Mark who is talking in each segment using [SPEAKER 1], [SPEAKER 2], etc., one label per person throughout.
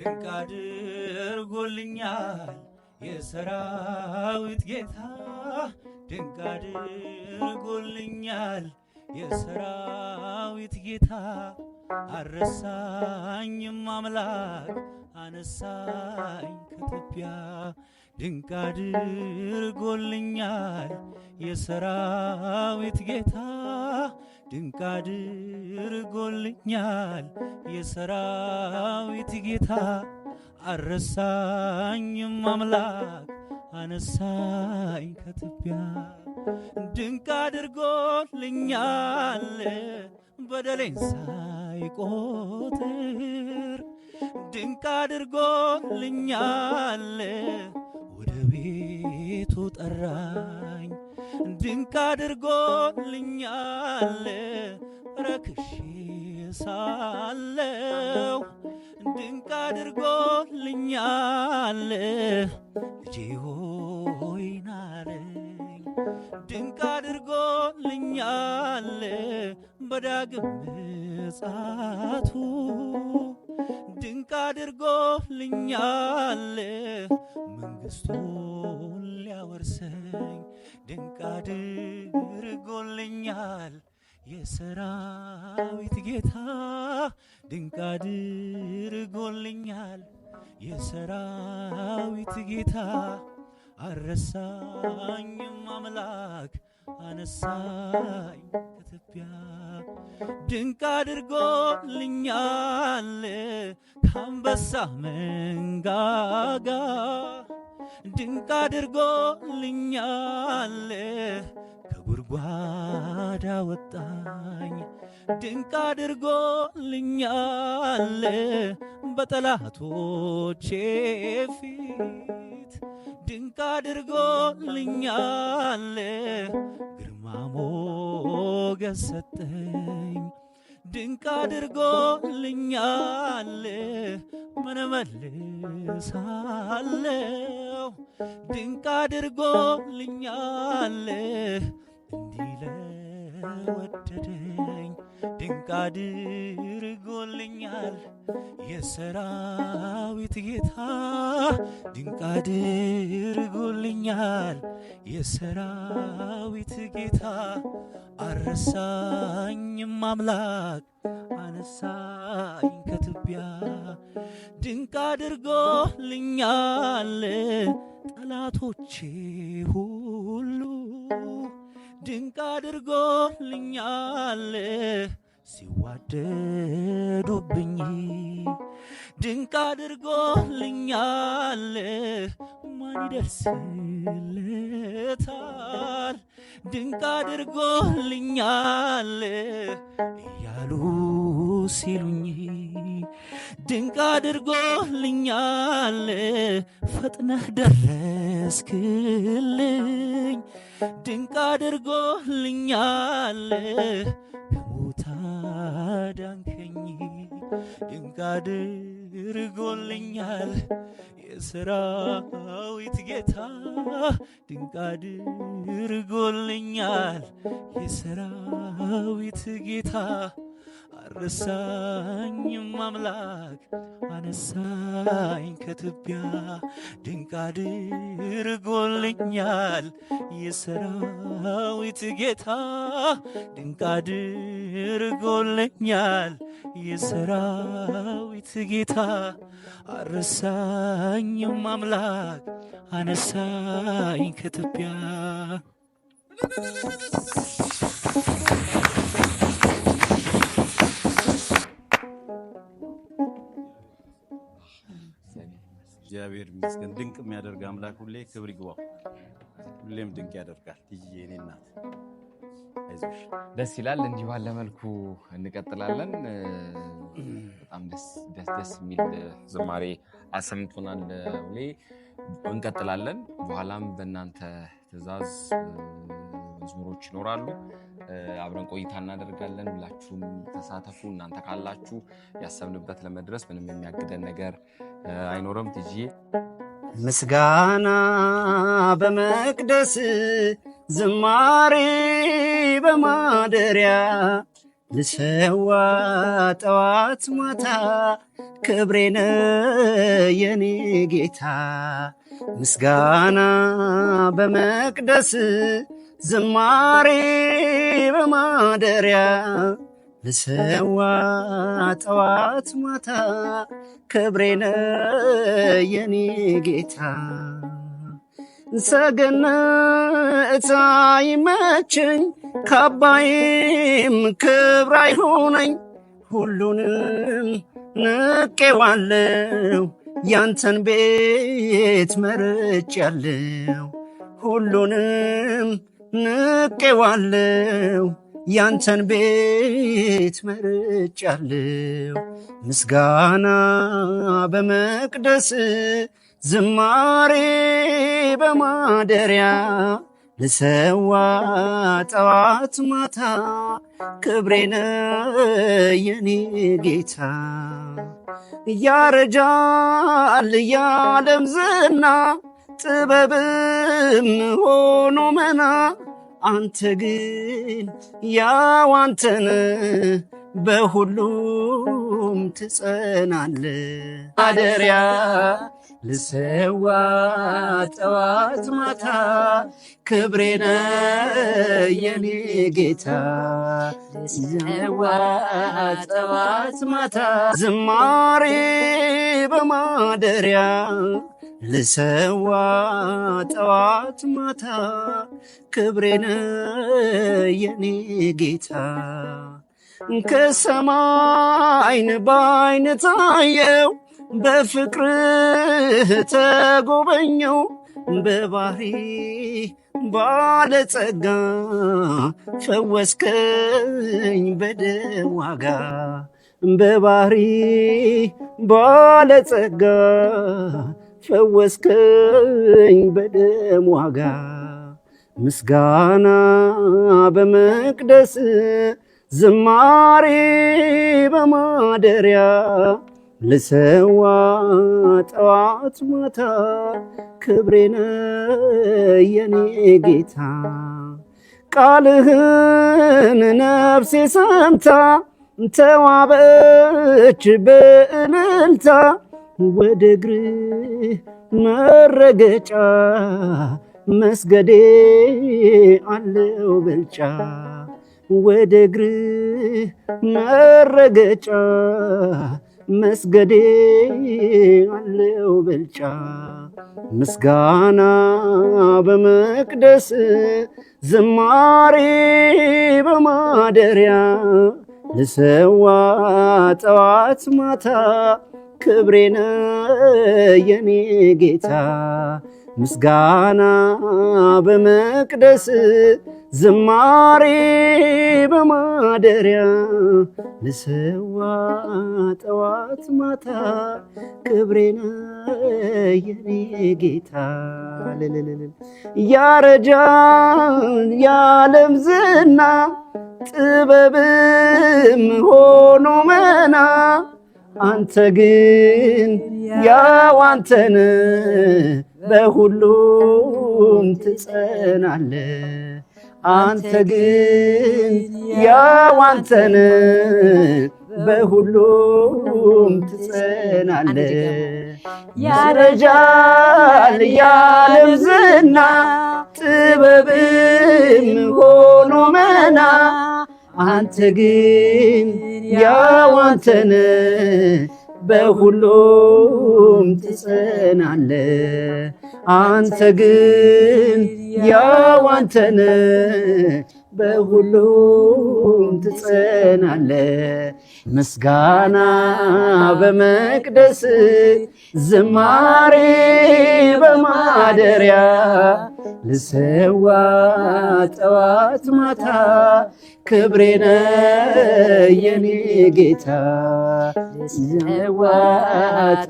[SPEAKER 1] ድንቅ አድርጎልኛል የሰራዊት ጌታ ድንቅ አድርጎልኛል የሰራዊት ጌታ አረሳኝም አምላክ አነሳኝ ከትቢያ ድንቅ አድርጎልኛል የሰራዊት ጌታ ድንቅ አድርጎልኛል የሰራዊት ጌታ አረሳኝም አምላክ አነሳኝ ከትቢያ ድንቅ አድርጎልኛል በደሌን ሳይቆጥር ድንቅ አድርጎልኛል ወደ ቤቱ ጠራ ድንቅ አድርጎልኛል ረክሼ ሳለሁ ድንቅ አድርጎልኛል ልጄ ሆይ ናረኝ ድንቅ አድርጎልኛል በዳግም ምጽአቱ ድንቅ አድርጎልኛል መንግሥቱን ሊያወርሰኝ ድንቅ አድርጎልኛል የሰራዊት ጌታ ድንቅ አድርጎልኛል የሰራዊት ጌታ አረሳኝም አምላክ አነሳኝ ከትቢያ ድንቅ አድርጎልኛል ከአንበሳ መንጋጋ ድንቅ አድርጎልኛል ከጉድጓድ አወጣኝ ድንቅ አድርጎልኛል በጠላቶቼ ፊት ድንቅ አድርጎልኛል። ግርማ ሞገስ ሰጠኝ፣ ድንቅ አድርጎልኛል። ምን እመልሳለሁ? ድንቅ አድርጎልኛል እንዲለ ወደደኝ ድንቅ አድርጎልኛል የሰራዊት ጌታ ድንቅ አድርጎልኛል የሰራዊት ጌታ አረሳኝም አምላክ አነሳኝ ከትቢያ ድንቅ አድርጎልኛል ጠላቶቼ ሁሉ ድንቅ አድርጎልኛል ሲዋደዱብኝ ድንቅ አድርጎልኛል ማን ይደርስለታል ድንቅ አድርጎልኛል እያሉ ሲሉኝ ድንቅ አድርጎልኛል ፈጥነህ ደረስክልኝ፣ ድንቅ አድርጎልኛል ከሞት አዳንከኝ፣ ድንቅ አድርጎልኛል የሰራዊት ጌታ ድንቅ አድርጎልኛል የሰራዊት ጌታ ረሳኝም አምላክ አነሳኝ ከትቢያ ድንቅ አድርጎልኛል የሰራዊት ጌታ ድንቅ አድርጎልኛል የሰራዊት ጌታ አረሳኝም አምላክ አነሳኝ ከትቢያ
[SPEAKER 2] እግዚአብሔር ይመስገን። ድንቅ የሚያደርግ አምላክ ሁሌ ክብር ይግባው። ሁሌም ድንቅ ያደርጋል። ትዬ የኔ እናት
[SPEAKER 3] አይዞሽ። ደስ ይላል። እንዲህ ባለ መልኩ እንቀጥላለን። በጣም ደስ የሚል ዝማሬ አሰምቶናል። ሁሌ እንቀጥላለን። በኋላም በእናንተ ትእዛዝ መዝሙሮች ይኖራሉ። አብረን ቆይታ እናደርጋለን። ሁላችሁም ተሳተፉ። እናንተ ካላችሁ ያሰብንበት ለመድረስ ምንም የሚያግደን ነገር አይኖረም።
[SPEAKER 4] ትጂ ምስጋና በመቅደስ ዝማሬ በማደሪያ ልሰዋ ጠዋት ማታ ክብሬነ የኔ ጌታ ምስጋና በመቅደስ ዝማሬ በማደሪያ ብሰዋ ጠዋት ማታ ክብሬነ የኔ ጌታ ሰገነት አይመቸኝ ካባዬም ክብር አይሆነኝ ሁሉንም ንቄዋለው ያንተን ቤት ያለው ሁሉንም ንቄዋለው ያንተን ቤት መርጫለው። ምስጋና በመቅደስ ዝማሬ በማደሪያ ልሰዋ ጠዋት ማታ ክብሬነ የኔ ጌታ እያረጃል ያለም ዝና ጥበብም ሆኖ መና አንተ ግን ያው አንተን በሁሉም ትጸናለ። አደሪያ ልሰዋ ጠዋት ማታ ክብሬነ የኔ ጌታ ልሰዋ ጠዋት ማታ ዝማሬ በማደሪያ ልሰዋ ጠዋት ማታ ክብሬን የኔ ጌታ ከሰማይን ባይን ታየው በፍቅርህ ተጎበኘው በባህሪ ባለጸጋ ፈወስከኝ በደም ዋጋ በባህሪ ባለጸጋ ፈወስከኝ በደም ዋጋ ምስጋና በመቅደስ ዝማሬ በማደሪያ ልሰዋ ጠዋት ማታ ክብሬነ የኔ ጌታ ቃልህን ነፍሴ ሰምታ ተዋበች በእልልታ ወደ እግር መረገጫ መስገዴ አለው ብልጫ ወደ እግር መረገጫ መስገዴ አለው ብልጫ ምስጋና በመቅደስ ዝማሬ በማደሪያ ልሰዋ ጠዋት ማታ ክብሬነ የኔ ጌታ ምስጋና በመቅደስ ዝማሬ በማደሪያ ልስዋ ጠዋት ማታ ክብሬነ የኔ ጌታ ያረጃን የዓለም ዝና ጥበብም ሆኖ መና አንተ ግን ያው አንተን በሁሉም ትጸናለ። አንተ ግን ያው አንተን በሁሉም ትጸናለ። ያረጃል ያለም ዝና ጥበብም ሆኖ መና አንተ ግን ያው በሁሉም ትጸናለ። አንተ ግን ያው አንተነ በሁሉም ትጸናለ። ምስጋና በመቅደስ ዝማሬ በማደሪያ ልሰዋ ጠዋት ማታ ክብሬነ የኔ ጌታ ልሰዋ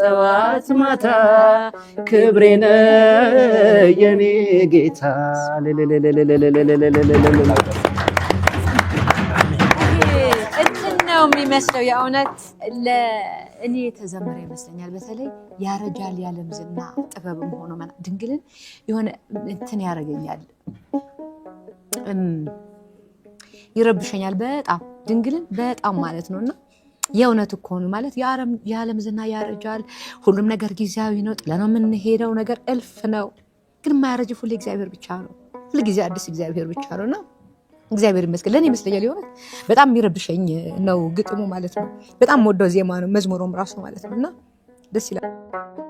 [SPEAKER 4] ጠዋት ማታ ክብሬነ የኔ ጌታ
[SPEAKER 5] የሚመስለው የእውነት እኔ የተዘመረ ይመስለኛል። በተለይ ያረጃል ያለም ዝና ጥበብም ሆኖ ድንግልን የሆነ እንትን ያደርገኛል፣ ይረብሸኛል በጣም ድንግልን በጣም ማለት ነው እና የእውነት እኮ ነው ማለት የዓለም ዝና ያረጃል። ሁሉም ነገር ጊዜያዊ ነው። ጥለነው የምንሄደው ነገር እልፍ ነው። ግን የማያረጅ ሁሌ እግዚአብሔር ብቻ ነው። ሁልጊዜ አዲስ እግዚአብሔር ብቻ ነው ነው እግዚአብሔር ይመስገን። ለእኔ ይመስለኛል የሆነ በጣም የሚረብሸኝ ነው ግጥሙ ማለት ነው። በጣም ወደው ዜማ ነው መዝሙሮም ራሱ ማለት ነው እና ደስ ይላል።